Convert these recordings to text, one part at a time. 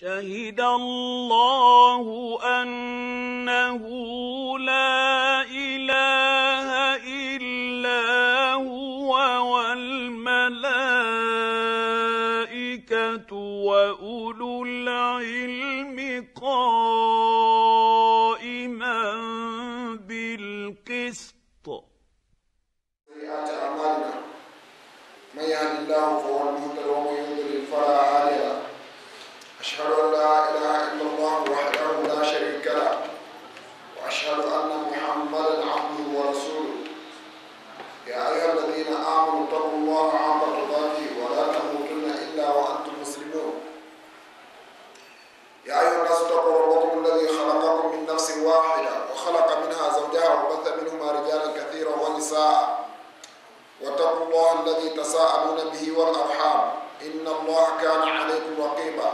شهد الله انه لا تساءلون به والأرحام إن الله كان عليكم رقيبا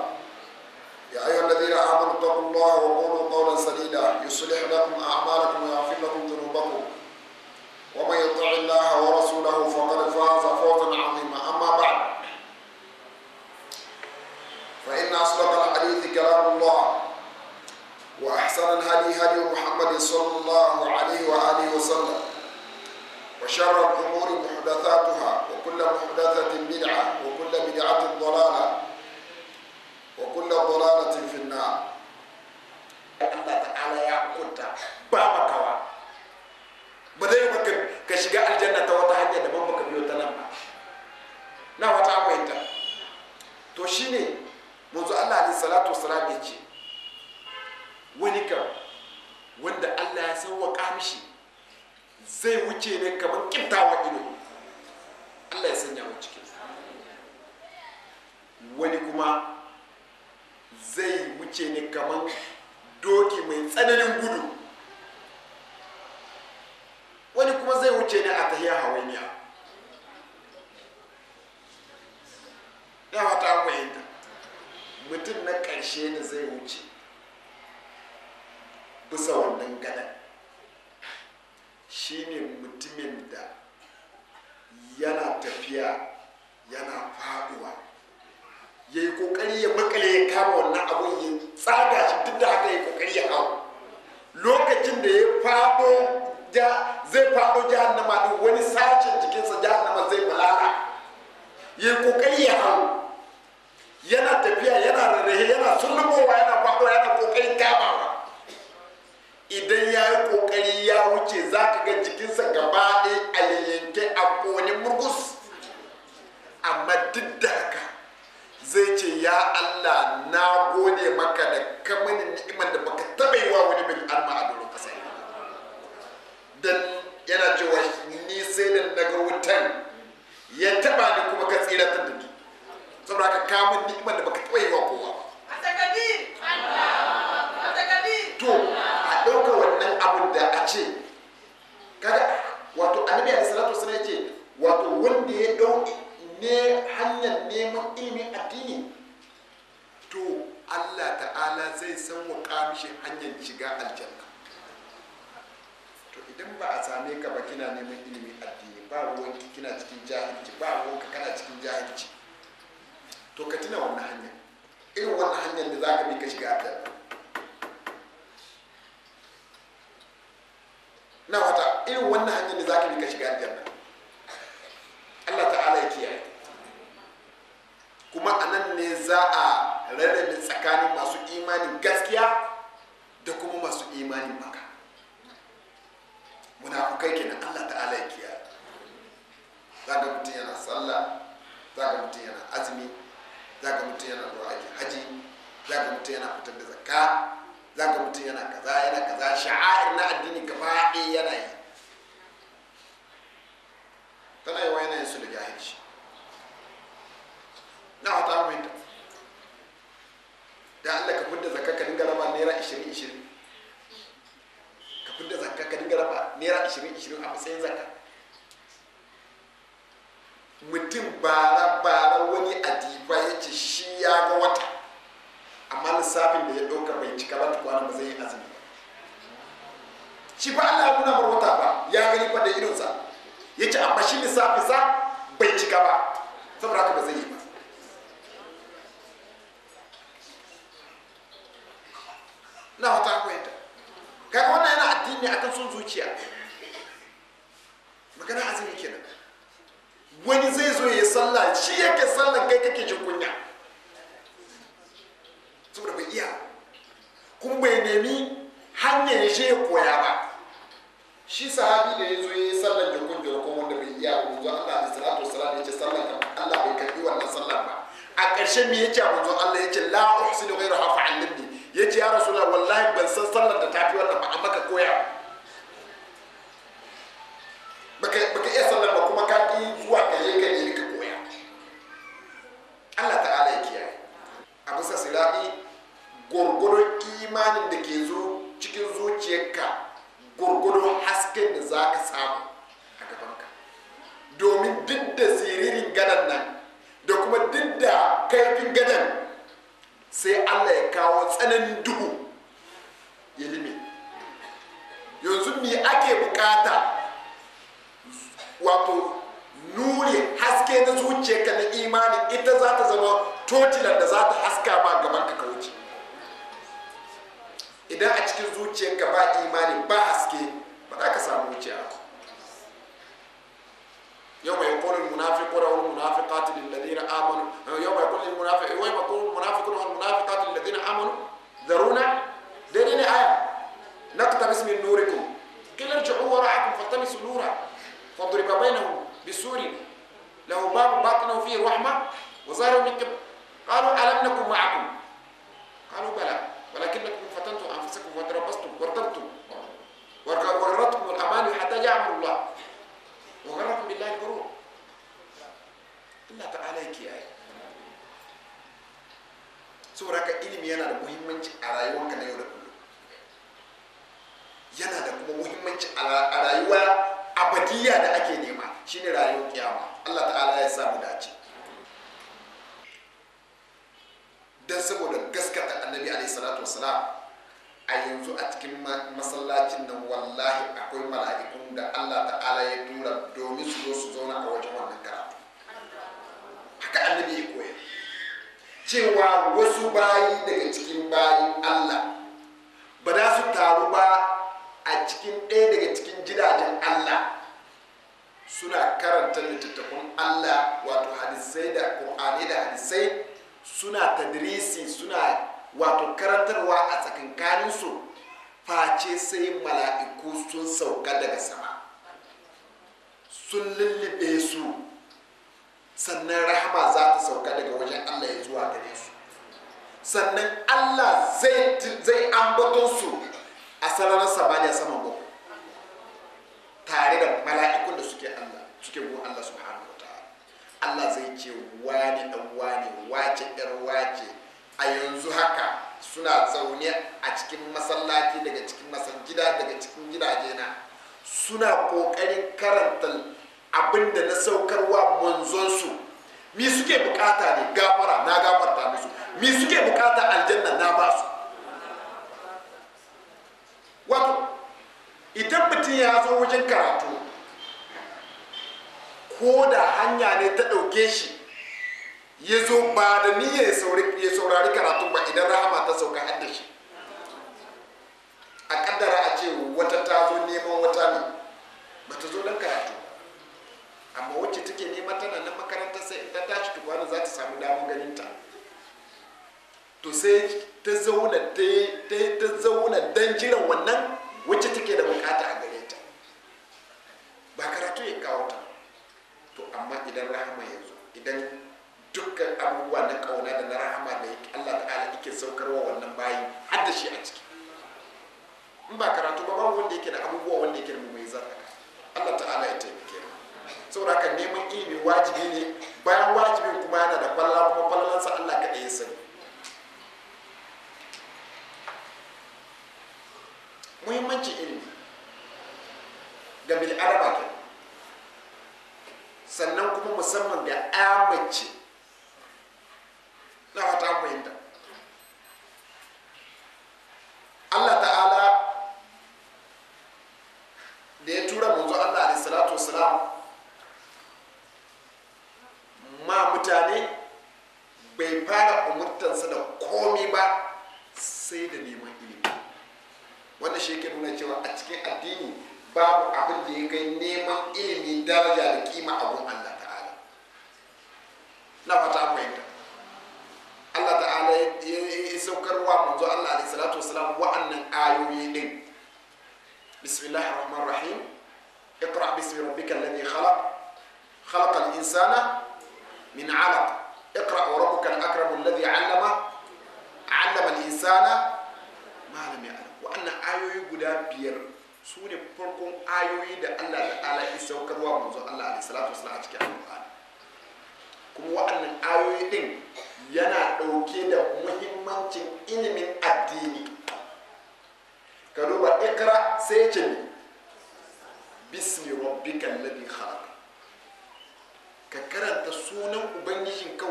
يا أيها الذين آمنوا اتقوا الله وقولوا قولا سديدا يصلح لكم أعمالكم ويغفر لكم ذنوبكم ومن يطع الله ورسوله فقد فاز فوزا عظيما أما بعد فإن أصدق الحديث كلام الله وأحسن الهدي هدي محمد صلى الله عليه وآله وسلم وشر الأمور محدثاتها وكل محدثة بدعة وكل بدعة ضلالة وكل ضلالة في النار Allah ta'ala ya hukunta ba makawa ba zai maka ka shiga aljanna ta wata hanya daban baka biyo ta nan na wata fahimta to shine manzo Allah alaihi salatu ya ce wani wanda Allah ya sauwaka mishi zai wuce ne kamar kiftawa ido allah ya sanya wa cikin wani kuma zai wuce ne kamar doki mai tsananin gudu wani kuma zai wuce ne a tahiya hawainiya ya ta fahimta mutum na ƙarshe ne zai wuce bisa wannan gadan shine mutumin da yana tafiya yana faduwa ya yi kokari ya makale ya kama wannan abun ya tsada shi duk da haka ya kokari ya hau lokacin da ya fado zai fado jahannama din wani sashen jikinsa jahannama zai balaga ya yi kokari ya hau yana tafiya yana rarrahe yana sullubowa yana fado yana kokarin kamawa idan ya yi kokari ya wuce za ka ga jikinsa gaba ɗaya a yayyanke a kone murgus amma duk da haka zai ce ya allah na gode maka da kamanin ni'imar da baka taɓa yi wa wani bin arma a doron ƙasa dan yana cewa ni sai da daga wutan ya taɓa ni kuma ka tsira ta da saboda ka kamun ni'imar da baka za ka mutum yana azumi za ka mutum yana zuwa ake haji za ka mutum yana fitar da zakka za ka mutum yana kaza yana kaza sha'a'ir na addini gaba yana yi tana yi wa yanayin su da jahilci na hata wani zai zo ya salla shi yake sallan kai kake jin kunya saboda bai iya kuma bai nemi hanyar ya je koya ba shi sahabi da ya zo ya yi sallan da kun jira kuma wanda bai iya manzo Allah da salatu da ya ce sallan kan Allah bai karbi wannan sallan ba a ƙarshe me a manzo Allah ya ce la uhsinu ghayraha fa'allimni yace ya rasulullah wallahi ban san sallar da tafi wannan ba amma ka koya baka baka iya sallar wakati zuwa ka ka koya Allah ta'ala ya kiyaye a bisa sila'i gurgurun imanin da ke zo cikin zuciyarka gurgurun hasken da za ka samu a gabanka domin duk da siririn gadan nan da kuma duk da kaifin gadan sai Allah ya kawo tsananin duhu ya lime yanzu me ake bukata wuce ka na imani ita za ta zama totilar da za ta haska ma gaban ka wuce idan a cikin zuciyarka ba imani ba haske ba za ka samu wuciya يوم يقول المنافق المنافقون المنافقات للذين امنوا يوم يقول المنافق يوم يقول المنافقون والمنافقات للذين امنوا ذرونا ديرين آية نكتب اسم نوركم كل ارجعوا وراءكم فالتمسوا نورا فضرب بينهم بسور له باب باطنه فيه رحمة وظاهره من قبل قالوا ألم نكن معكم قالوا بلى ولكنكم فتنتم أنفسكم وتربصتم وارتبتم وغرتكم الأماني حتى جاء أمر الله وغركم بالله الغرور الله تعالى يكي آية سورة haka ilimi yana da muhimmanci a rayuwarka na yau da kullum yana da kuma muhimmanci a rayuwa abadiya da ake ne rayuwar kiyama Allah ta'ala ya samu dace dan saboda gaskata annabi alaihi salatu wassalam a yanzu a cikin masallacin nan wallahi akwai mala'ikun da Allah ta'ala ya tura domin su zo su zauna a wajen wannan karatu haka annabi ya koya cewa wasu bayi daga cikin bayi Allah ba za su taru ba a cikin ɗaya daga cikin gidajen Allah suna karanta littattafan Allah wato hadisai da Qur'ani da hadisai suna tadrisi suna wato karantarwa a tsakankanin su face sai mala'iku sun sauka daga sama sun lullube su sannan rahama za ta sauka daga wajen Allah ya zuwa gare su sannan Allah zai ambaton su a sararin samaniya saman bakwai tare da mala'ikun da suke Allah suke bu Allah subhanahu wa ta'ala Allah zai ce wani dan wani wace yar wace a yanzu haka suna zaune a cikin masallaci daga cikin masajida daga cikin gidaje na suna kokarin karanta abinda na saukarwa su mi suke bukata ne gafara na gafarta musu mi suke bukata aljanna na ba su wato idan mutum ya zo wajen karatu ko da hanya ne ta ɗauke shi ya zo ba da niyyar ya saurari karatu ba idan rahama ta sauka hada shi a kaddara a ce wata ta zo neman wata ne ba ta zo don karatu amma wacce take neman tana nan makaranta sai ta tashi tukwana za ta samu damar ganin ta to sai ta zauna ta zauna don jiran wannan wacce take da bukata a gare ta ba karatu ya kawo ta to amma idan rahama ya zo idan dukkan abubuwa na kauna da na rahama da Allah ta'ala yake saukarwa wannan bayi har shi a ciki in ba karatu ba ba wanda yake da abubuwa wanda yake da mai zarra Allah ta'ala ya taimake mu saboda neman ilimi wajibi ne bayan wajibin kuma yana da kwallon kuma sa Allah kaɗai ya sani muhimmanci ilimi ga bil'adama ke sannan kuma musamman da amince na fata fahimta fata an fahimta Allah ta'ala ya saukar wa manzo Allah alaihi salatu wasalam wa'annan ayoyi din اقرأ باسم ربك الذي خلق خلق الإنسان من علق اقرأ وربك الأكرم الذي علم علم الإنسان ما لم يعلم وأن آيوي قد بير سوري فرقم آيوي دا الله تعالى يسوكر ومنزو الله عليه الصلاة والسلام على kuma waɗannan ayoyi ɗin yana ɗauke da muhimmancin ilimin addini ka duba ikra sai ce ne bismi rabbika alladhi khalaq ka karanta sunan ka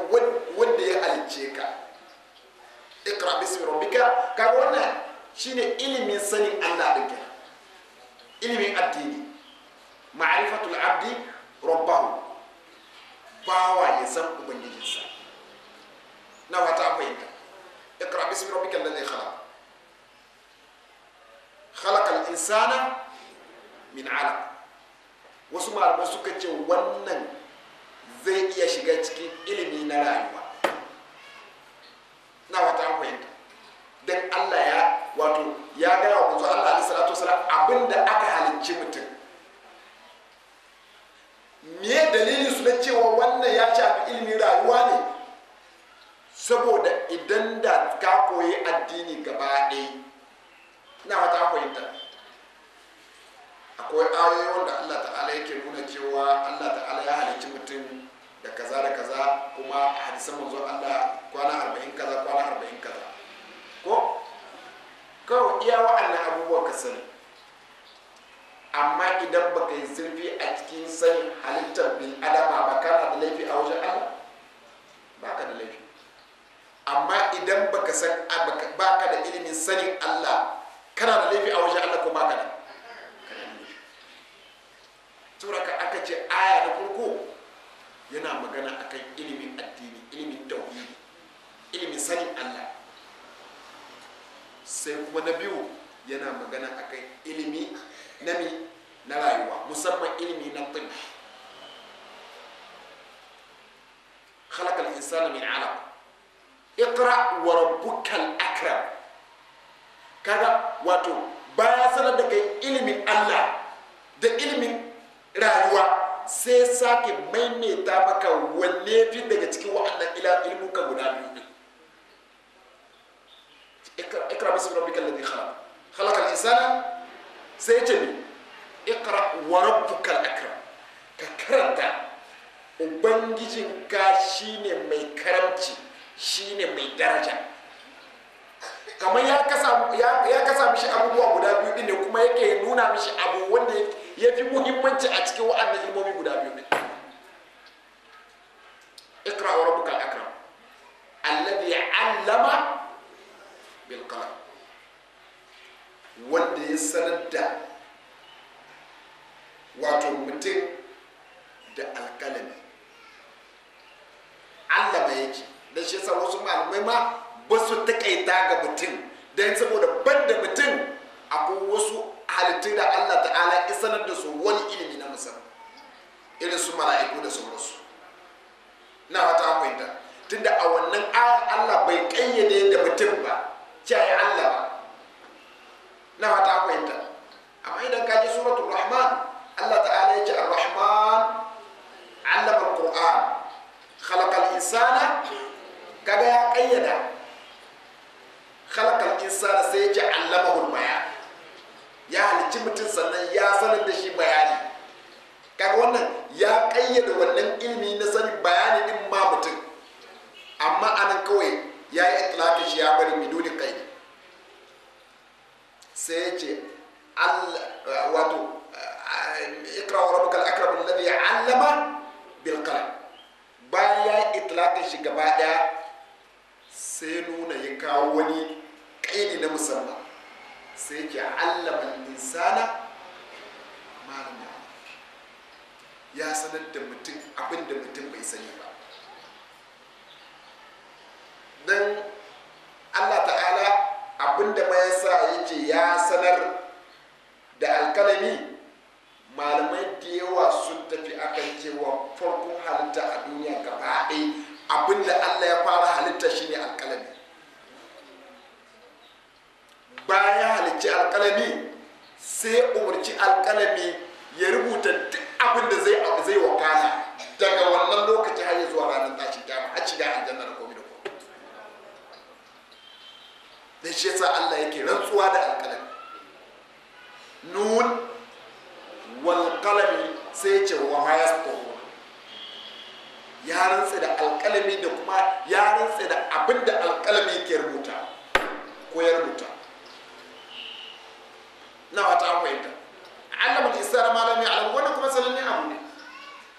wanda ya halice ka ikra bismi rabbika ka wannan shine ilimin sanin Allah din ilimin addini ma'rifatul abdi rabbahu bawa ya san ubangijinsa na wata fahimta ikra bismi rabbikal ladhi khalaq khalaqal insana min alaq wasu malamai suka ce wannan zai iya shiga cikin ilimi na rayuwa na wata fahimta dan Allah ya wato ya gaya wa manzo Allah alaihi salatu wasalam abinda aka halicci mutum miye dalilin su na cewa wannan ya shafi ilimin rayuwa ne saboda idan da ka koyi addini gaba ɗaya na wata fahimta akwai ayoyi wanda allah ta'ala yake nuna cewa allah ta'ala ya halicci mutum da kaza da kaza kuma a hadisan manzo allah kwana arba'in kaza kwana arba'in kaza ko kawai iya wa'annan abubuwan ka sani amma idan baka yi zurfi a cikin sani halittar bin adama ba kana da laifi a wajen Allah ba ka da laifi amma idan baka san ba ka da ilimin sanin Allah kana da laifi a wajen Allah ko ba ka da ka aka ce aya da farko yana magana akan ilimin addini ilimin tauhidi ilimin sanin Allah sai kuma na biyu yana magana akan ilimi Nami na rayuwa musamman ilimi na tib خلق الإنسان من علق اقرأ وربك الأكرم كذا واتو بايا سنة دكي إلمي Allah da ilimin rayuwa sai sake maimaita maka wanne fi daga cikin wa'annan ila ilmuka guda biyu ne ikra bismi rabbikal ladhi khalaq khalaqa al-insana sai ce ne ikra wa rabbukal akram ka karanta ka shine mai karamci shine mai daraja kamar ya kasa ya, ya kasa mishi abubuwa guda biyu ne kuma yake nuna mishi abu wanda ya fi muhimmanci a cikin wa'annan ilmomi guda biyu ne sai ce allama hulmaya ya halicci mutum sannan ya sanar da shi bayani kaga wannan ya kayyade wannan ilmi na sani bayani din ma mutum amma anan kawai ya yi itlaqi shi ya bari biduni kai sai ya ce wato ikra wa rabbuka al na alladhi 'allama bil qalam bayan ya yi itlaqi shi gaba daya sai nuna ya kawo wani idi na musamman sai ke allama insana malam ya ya sanar da mutum abin da mutum bai sani ba don allah ta'ala abin da ma yasa yake ya sanar da alkalami malamai da yawa sun tafi akan cewa farkon halitta a duniya gaba ɗaya abin da allah ya fara halitta shine alkalami baya ya halicci alkalami sai umarci alkalami ya rubuta duk abin da zai zai wakana daga wannan lokaci har zuwa ranar tashi kiyama har shiga aljanna da komai da komai da shi yasa Allah yake rantsuwa da alkalami nun wal qalami sai ce wa ma yasqu ya rantsa da alkalami da kuma ya rantsa da abin da alkalami ke rubuta ko ya rubuta na wata an fahimta allama isa isra ma lam ya'lam wannan kuma ne abu ne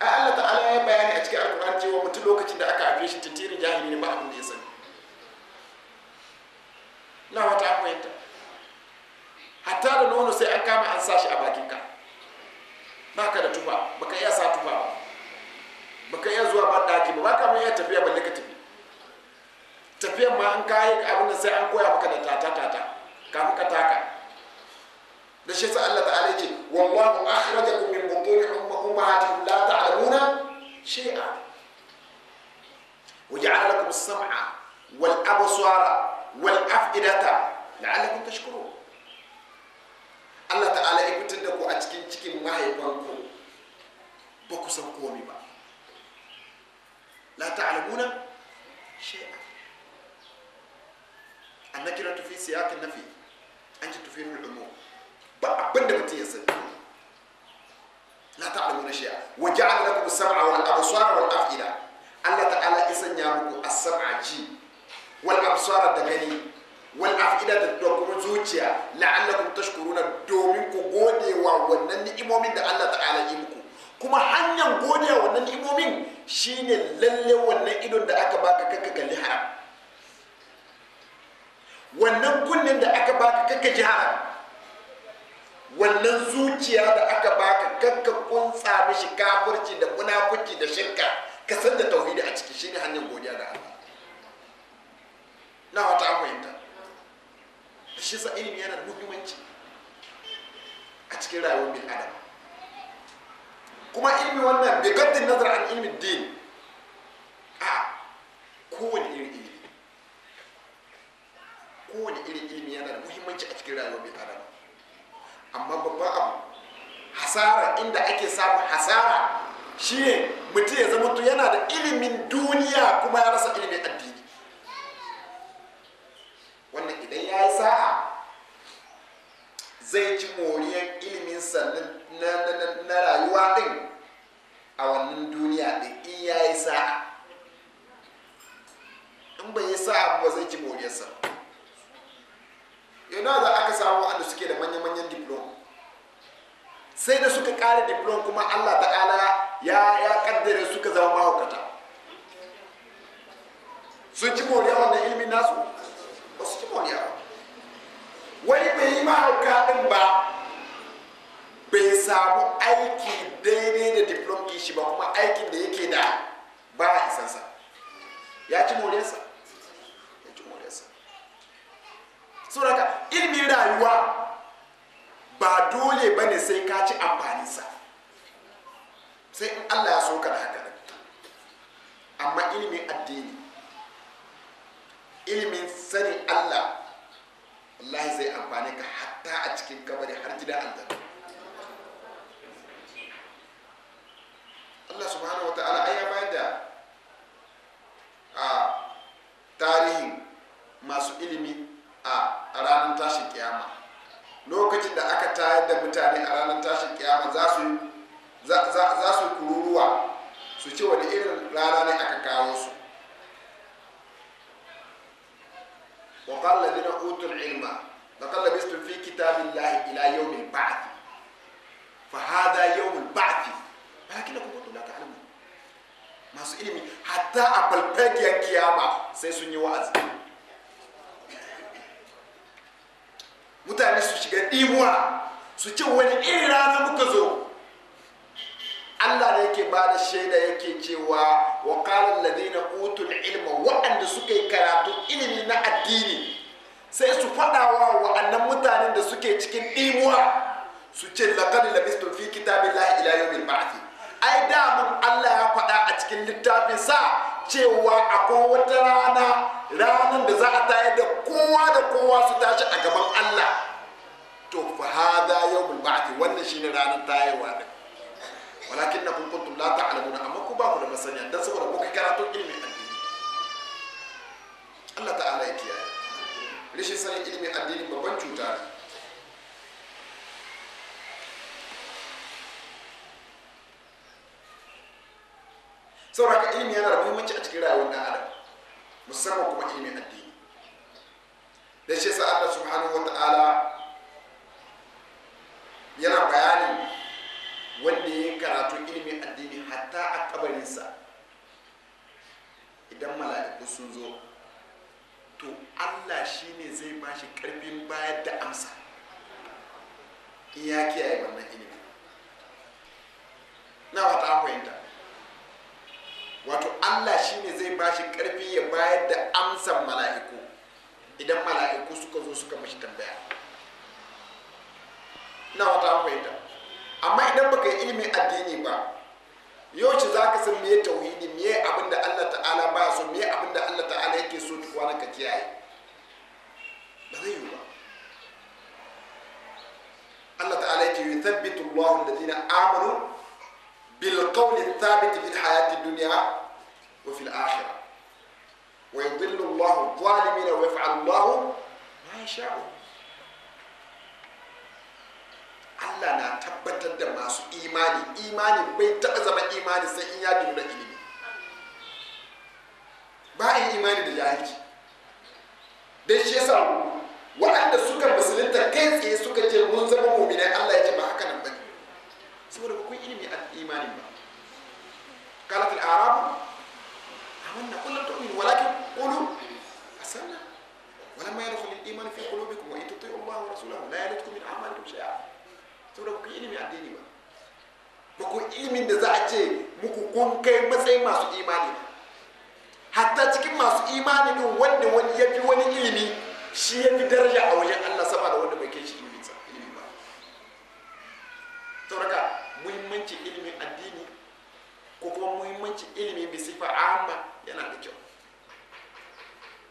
ai Allah ta'ala ya bayani a cikin alqur'ani cewa mutum lokacin da aka haife shi tintirin jahili ne ba abin da ya sani na wata an fahimta hatta da nono sai an kama an sa shi a bakin ka baka da tufa baka iya sa tufa ba baka iya zuwa ba daki ba baka mun iya tafiya balle ka tafi tafiyan ma an kayi abin da sai an koya maka da tata tata kafin ka taka da shi sa Allah ta'ala yake wallahu akhrajakum min butun ummahatikum la ta'lamuna shay'a وجعل لكم السمع والابصار والافئده لعلكم تشكرون Allah ta'ala ya fitar da ku a cikin cikin mahaifanku ba ku san komai ba la ta'lamuna shay'a annakiratu fi siyaqin nafi an ji tufirul umum ba abin da mutum ya sani la ta'lamu na shay'a wa sama af'ida Allah ya sanya muku as-sam'a ji da gani wal af'ida da kuma zuciya la'allakum tashkuruna domin ku wannan ni'imomin da Allah muku kuma hanyar godewa wannan ni'imomin shine lalle wannan idon da aka baka kaka kalli haram wannan kunnen da aka baka kaka ji haram wannan zuciya da aka baka kakka tsami shi kafirci da munafuki da shirka ka san da tauhidi a ciki shine hanyar godiya da Allah na wata fahimta shi sa ilimi yana da muhimmanci a cikin rayuwar bin adam kuma ilimi wannan bai gaddin nazar an ilimi din a kowane irin ilimi kowane irin ilimi yana da muhimmanci a cikin rayuwar bin adam amma babban abu hasara inda ake samun hasara shi ne mutum ya zama yana da ilimin duniya kuma ya rasa ilimin addini wannan idan ya yi sa'a zai ci moriyar ilimin sannan na rayuwa din a wannan duniya din in ya yi sa'a in bai yi sa'a ba zai ci moriyarsa sannan to ina za aka samu waɗanda suke da manya-manyan diplom sai da suka ƙara diplom kuma allah ta'ala ya ya kaddare suka zama mahaukata sun ci moriya wannan ilimin nasu ba su ci moriya wani bai yi mahauka ɗin ba bai samu aiki daidai da diplom ɗin shi ba kuma aikin da yake da ba a isansa ya ci moriyarsa saboda ilimin rayuwa ba dole ba ne sai ka ci amfaninsa sai in allah ya so ka da haka amma ilimin addini ilimin sanin allah wallahi zai amfani ka hatta a cikin kabari har gidan allah allah subhanahu wa ta'ala ai ya bayar da a tarihin masu ilimi a ranar tashin kiyama lokacin da aka tayar da mutane a ranar tashin kiyama za su kururuwa su ce wani irin rana ne aka kawo su wa qala ladina utul ilma laqad labistum fi lahi ila mai ba'th fa hadha yawmul ba'th kuma tuna ka ta'lamun masu ilimi hatta a falfagiyar kiyama sai sun yi wa'azi mutane su shiga ɗimuwa su ce wani irin rana muka zo Allah da yake ba da shaida yake cewa wa qala na utul ilma waɗanda suka yi karatu ilimi na addini sai su faɗawa waɗannan mutanen da suke cikin ɗimuwa su ce laqad labistum fi kitabillahi ila yawmil ba'th ai da mun Allah ya faɗa a cikin littafin sa cewa a kowace rana ranar da za a tayar da kowa da kowa su tashi a gaban Allah to fa hada yawmul ba'ti wannan shine ranar tayewa ne walakin na kun kuntum la ta'lamuna amma ku ba ku da masaniya dan saboda ku karatun ilmi addini Allah ta'ala ya kiyaye rishin sanin ilmi addini babban cuta ne ilimi yana da muhimmanci a cikin rayuwar dan adam musamman kuma ilimin addini da shi sa Allah subhanahu wa ta'ala yana bayani wanda ya karatu ilimin addini hatta a kabarinsa idan mala'iku sun zo to Allah shine zai ba shi karfin bayar da amsa in ya kiyaye wannan ilimi na wata fahimta wato allah shi ne zai ba shi karfi ya bayar da amsan mala'iku idan mala'iku suka zo suka mashi tambaya na wata fahimta amma idan baka yi ilimin addini ba yau za ka san meye tauhidi meye الثابت في الحياة الدنيا وفي الآخرة ويضل الله الظالمين ويفعل الله ما يشاء Allah na tabbatar da masu imani imani bai taɓa zama imani sai in ya duru ilimi ba imani da jahilci shi yasa waɗanda suka musulunta kai tsaye suka ce mun zama mu'minai Allah ya ce ba haka nan bane saboda ba kun ilimi a imanin ba قالت الأعراب آمنا قل لم تؤمنوا ولكن قولوا أسلمنا ولما يدخل الإيمان في قلوبكم وإن تطيعوا الله ورسوله لا يلدكم من أعمالكم شيئا saboda ku yi ilimi addini ba ba ku ilimin da za a ce muku kun kai matsayin masu imani ba hatta cikin masu imani ne wanda wani ya fi wani ilimi shi ya fi daraja a wajen Allah sama da wanda bai kai shi ilimi ba saboda muhimmancin ilimin addini kuma muhimmanci ilimi bi sifa amma yana da kyau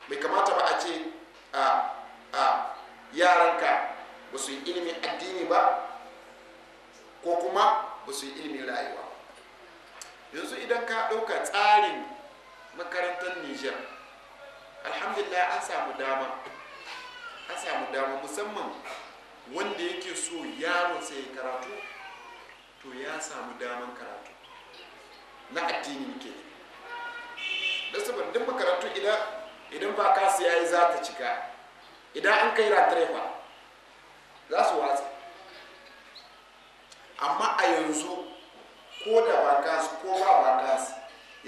bai kamata ba a ce a a yaranka ba su yi ilimin addini ba ko kuma ba su yi ilimin rayuwa yanzu idan ka ɗauka tsarin makarantar niger alhamdulillah an samu dama an samu dama musamman wanda yake so yaron sai karatu to ya samu daman karatu na addini muke da saboda duk makarantu idan idan ba siya yayi za ta cika idan an kai ratarefa za su watsa amma a yanzu ko da ba su ko ba ba su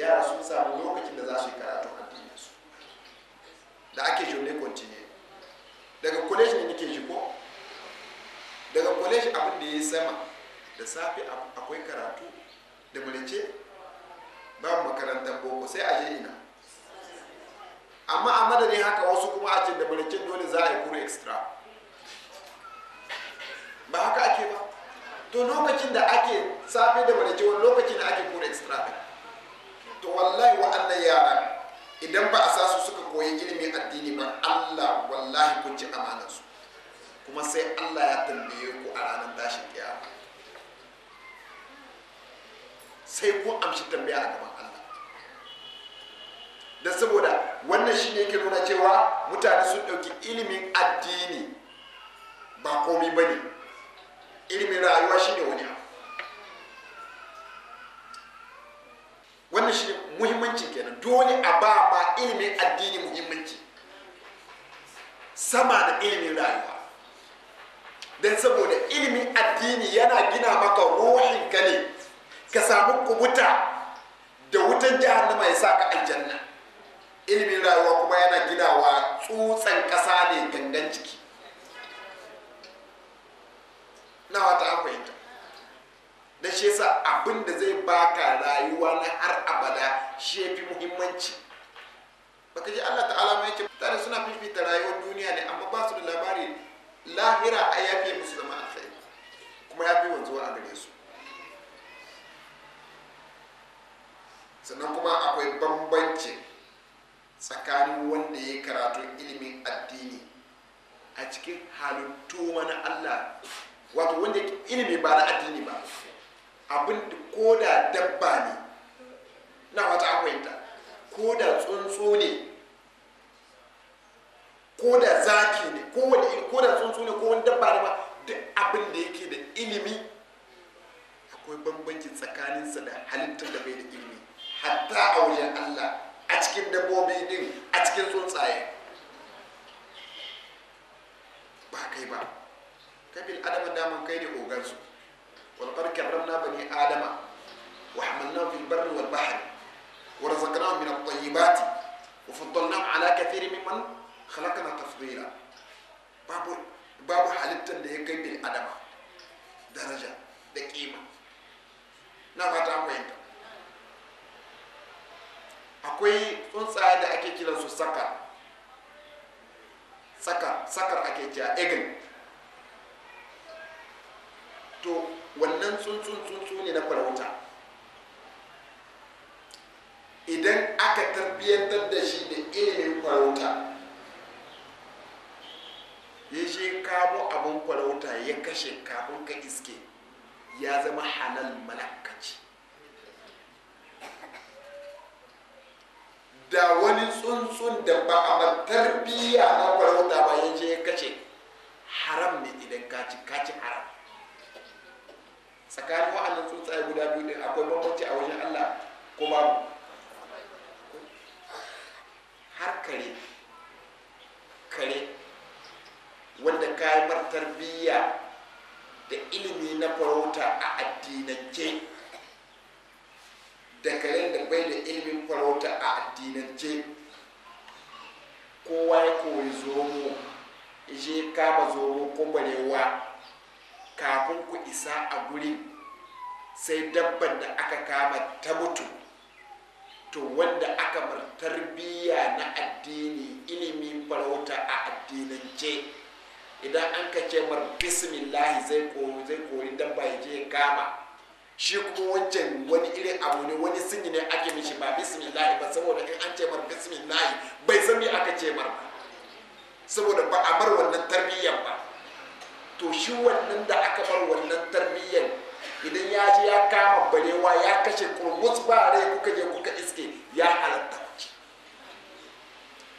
yara sun samu lokacin da za su yi karatu addinin su da ake jone continue daga college ne nake ji ko daga college abin da ya yi sama da safe akwai karatu da mulce babu makarantar boko sai a je ina amma a madadin haka wasu kuma a da mulkin dole za a yi kuru extra ba haka ake ba to lokacin da ake safe da mulkin wani lokacin da ake kuru extra to wallahi wa'annan yaran idan ba a sa su suka koyi ilimin addini ba Allah wallahi kun ci amanarsu kuma sai Allah ya tambaye ku a ranar tashin kiyama sai ko amshi tambaya a gaban Allah da saboda wannan shine yake nuna cewa mutane sun ɗauki ilimin addini ba komi ba ne ilimin rayuwa shine wani abu wannan shi muhimmanci kenan dole a ba ma ilimin addini muhimmanci sama da ilimin rayuwa don saboda ilimin addini yana gina maka ruhin ka ne ka samu kubuta da wutan jahannama ya sa ka aljanna ilimin rayuwa kuma yana gidawa tsutsan ƙasa ne gangan ciki na wata an fahimta da shi yasa abin da zai baka rayuwa na har abada shi ya fi muhimmanci baka ji allah ta'ala mai yake mutane suna fifita rayuwar duniya ne amma ba su da labari lahira a yafe musu zama alkhairi kuma ya fi wanzuwa a gare su sannan kuma akwai bambanci tsakanin wanda ya karatu ilimin addini a cikin halittu na allah wato wanda ilimi ba na addini ba abin ko da dabba ne na wata akwai ko da tsuntsu ne ko da zaki ne ko wani ko da tsuntsu ne ko wani dabba ne ba duk abin da yake da ilimi akwai bambanci tsakaninsa da halittar da bai da ilimi hatta a wajen Allah a cikin dabbobi din a cikin tsuntsaye ba kai ba kai bil adama daman kai ne ogansu wal qad karramna bani adama wa hamalnahum fil barri wal bahri wa razaqna min at-tayyibati wa faddalna ala kathirin mimman khalaqna tafdila babu babu halittar da ya kai bil adama daraja da kima na fata an fahimta akwai tsuntsaye da ake kiransu sakar sakar sakar ake cewa eagle to wannan tsuntsun tsuntsu ne na farauta idan aka tarbiyyantar da shi da ilimin farauta ya shi kamo abin farauta ya kashe kafin ka iske ya zama halal malakaci da wani tsuntsun da ba a matar tarbiyya na farauta ba ya je ya kace haram ne idan ka kaci haram tsakanin wa'annan tsuntsaye guda biyu din akwai bambanci a wajen Allah kuma babu har kare kare wanda kayan martar biya tarbiyya da ilimi na farauta a addinance da da bai da ilimin farauta a addinance kowa ya koyi zomo je kama zomo ko barewa kafin ku isa a guri sai dabban da aka kama ta mutu to wanda aka bar tarbiyya na addini ilimin farauta a addinance idan an ka ce mar zai kori dabba ya je kama shi kuma wancan wani irin abu ne wani sinyi ne ake mishi ba bismillahi ba saboda in an ce mar bismillahi bai san me aka ce mar ba saboda ba a bar wannan tarbiyyar ba to shi wannan da aka bar wannan tarbiyyar idan ya ji ya kama barewa ya kashe kurmus ba rai kuka je kuka iske ya halatta kuci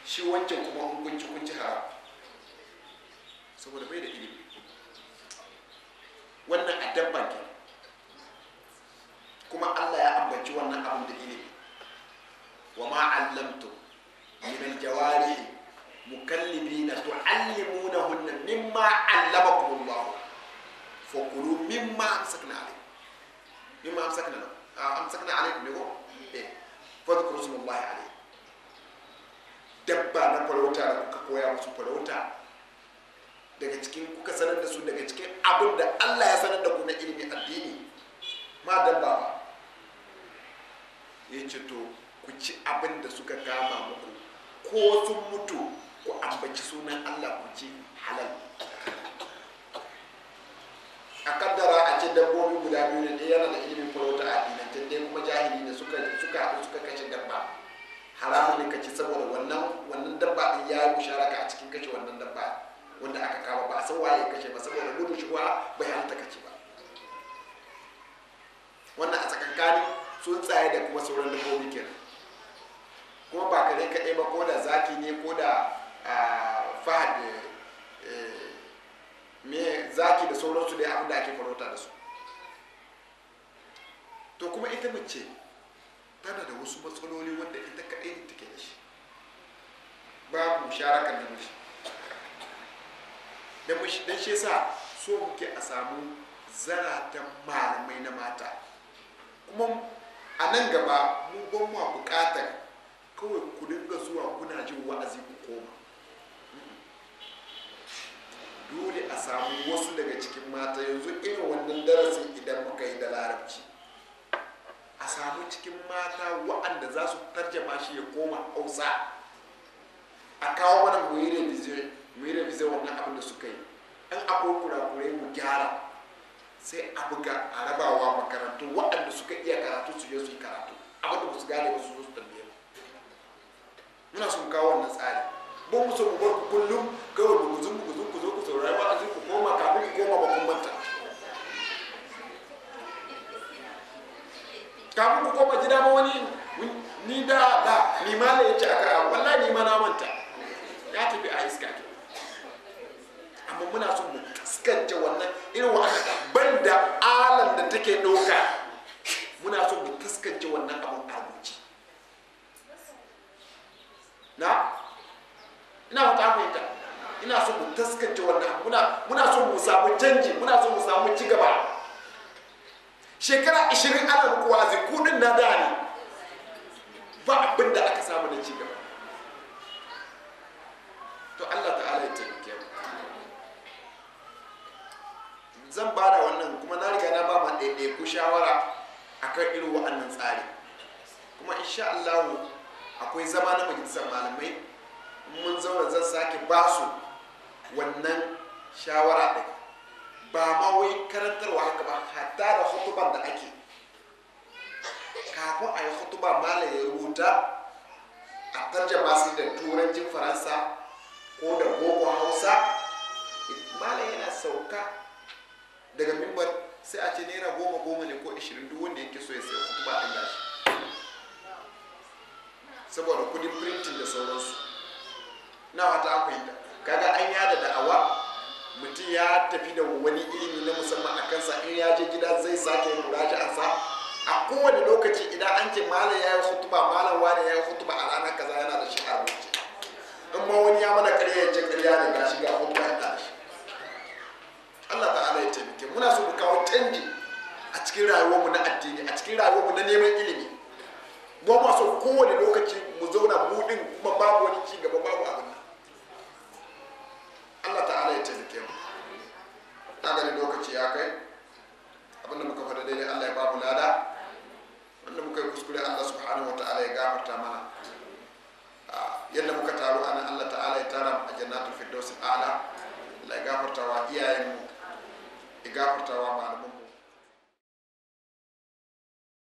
shi wancan kuma hukunci kunci haram saboda bai da ilimi wannan adabban kenan kuma Allah ya ambaci wannan abin da ilimi wa ma allamtu min aljawari mukallibina tuallimunahunna mimma allamakum Allah fa qulu mimma amsakna alaykum mimma amsakna ah, amsakna alaykum ne ko eh fa dhkuru smallahi alayhi dabba na farauta da kuka koya musu farauta daga cikin kuka sanar da su daga cikin abin da Allah ya sanar da ku na ilimi addini ma dabba ba ce to ku ci abin da suka kama muku ko sun mutu ku ambaci sunan Allah ku ci halal a kaddara a ce dabbobi guda biyu ne ɗaya yana da ilimin farauta a dinantar ɗaya kuma jahili ne suka suka haɗu suka kashe dabba haramun ne ka ci saboda wannan wannan dabba ɗin ya yi musharaka a cikin kashe wannan dabba wanda aka kama ba a san waye kashe ba saboda gudun shigowa bai halitta kace ba wannan a tsakankani tsuntsaye da kuma sauran dabbobi kira. kuma ba kare kaɗai ba ko da zaki ne ko da fahad eh, eh, me zaki da sauransu da abin da ake farauta da su to kuma ita mace tana da wasu matsaloli wanda ita kaɗai ne take da shi babu sharakan da mashi dan shi yasa so muke a samu zaratan malamai na mata kuma a nan gaba mu ban bukatar kawai ku dinga zuwa kuna jin wa'azi ku koma dole a samu wasu daga cikin mata yanzu irin wannan darasin idan muka yi da larabci a samu cikin mata wa'anda za su tarjama shi ya koma hausa a kawo mana mu yi revision wannan abin da suka yi in akwai kurakurai mu gyara sai a buga a rabawa makarantu waɗanda suka iya karatu su je su yi karatu abin da su gane ba su zo su tambaye ba muna son kawo wannan tsari ba mu so mu bar kullum kawai buguzun buguzun ku zo ku saurari ba a ku koma kafin ku koma ba kun banta. kafin ku koma gida ba wani ni da da ni ma la yace aka wallahi ni ma na manta ya tafi a iska ke muna son mu skanta wannan irin wa banda alam da take doka muna son mu fuskance wannan abun kamuci na ina fata fahimta ina son mu taskance wannan muna muna son mu samu canji muna son mu samu ci gaba shekara 20 ana kuwazi kudin na da ba abin da aka samu na ci gaba to Allah ta'ala ya taimake mu zan ba da wannan kuma na riga na ba ma ɗaiɗaiku shawara a akan irin wa'annan tsari kuma insha Allah akwai zama na majalisar malamai mun zauna zan sake ba su wannan shawara ɗin ba ma wai karantarwa haka ba hatta da hutuban da ake kafin a yi hutuba malam ya rubuta a tarjama sai da turancin faransa ko da boko hausa malam yana sauka daga mimbar sai a ce naira goma goma ne ko ashirin duk wanda yake so ya sayo kuma an gashi saboda kudin printin da sauransu na wata an fahimta kaga an yada da awa mutum ya tafi da wani ilimi na musamman a kansa in ya je gida zai sake muraja'ansa a kowane lokaci idan an ce malam ya yi hutuba malam wani ya yi hutuba a ranar kaza yana da shi a rubuce in ma wani ya mana karya ya ce karya da gashi ga hutuba ya Allah ta'ala ya taimake muna so mu kawo canji a cikin rayuwar mu na addini a cikin rayuwar mu na neman ilimi mu ma so kowane lokaci mu zauna mu din kuma babu wani ci gaba babu abin nan Allah ta'ala ya taimake mu na gani lokaci ya kai abinda muka fada daidai Allah ya babu lada wanda muka yi kuskure Allah subhanahu wa ta'ala ya gafarta mana ah, yadda muka taru ana Allah ta'ala ya tara a jannatul firdausi ala Allah ya gafarta wa iyayenmu e gaforta wamano mum